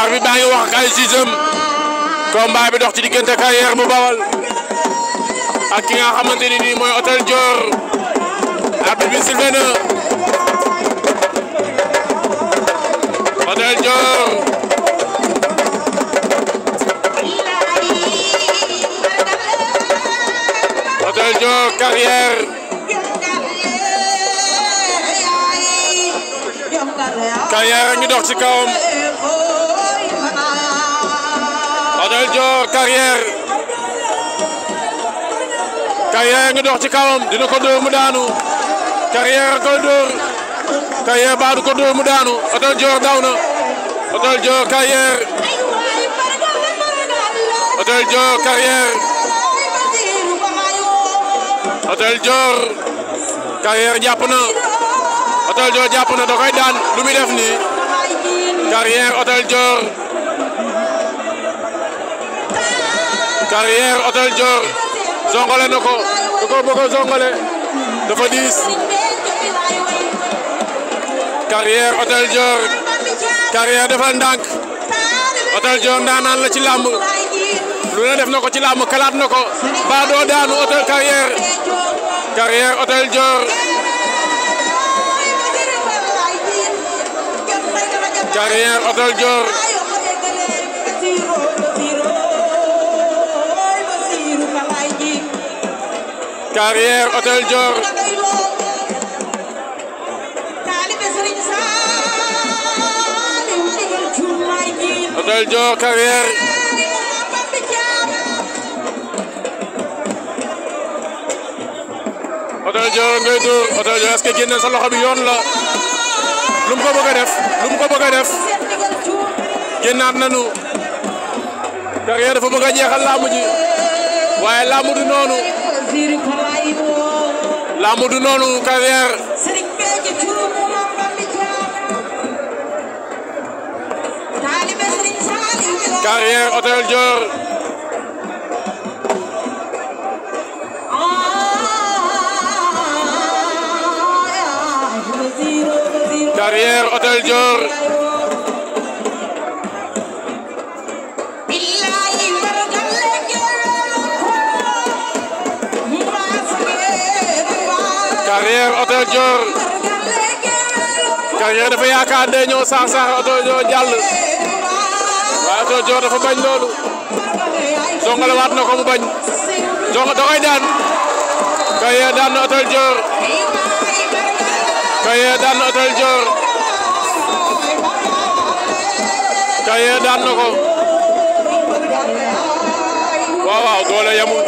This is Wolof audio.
arbitre baa ngi wax kay sixième combat bi dox ci diggante Carrière bu Bawal ak ki nga xamante ni nii mooy Hôtel Dior arbitre bi sifflé na Hôtel Dior Carrière a ngi dox ci kawam Adel Dior Carrière Carrière a ngi dox ci kawam dina ko dóor mu daanu Carrière a koy dóor Carrière baa du ko dóor mu daanu Adel Dior daw na Adel Dior Carrière Adel Dior Carrière Adel Dior Carrière jàpp na Hôtel Dior jàpp na da koy daan lu muy def nii carrière Hôtel Dior carrière na ko da ko dafa diis carrière Hôtel Dior carrière defal ndànk Hôtel Dior ndaanaan la ci làmb lu ne def na ko ci làmb kalaat na ko ba doo daanu Hôtel carrière carrière Hôtel Dior Carrière Hôtel Dior Carrière Hôtel Dior Hôtel Dior Carrière Hôtel Dior ngay dóor Hôtel Dior est-ce que génn sa loxo bi yoon la lu ko bëgg a def lu ko bëgg a def génnaat nañu carrière dafa bëgg a jeexal laamu ji waaye laamu du noonu laamu du noonu carrière carrière Hôtel Dior Barrière Hôtel Dior Carrière Hôtel Dior Carrière dafa yaakaar ne ñoo saax saax Hôtel Dior jàll waaye Hôtel Dior dafa bañ loolu Zongale waat na ko mu bañ Zongale da koy daan Carrière daan na Hôtel Dior Carrière daan na Hôtel Dior waaye daan na ko waaw waaw doole yamul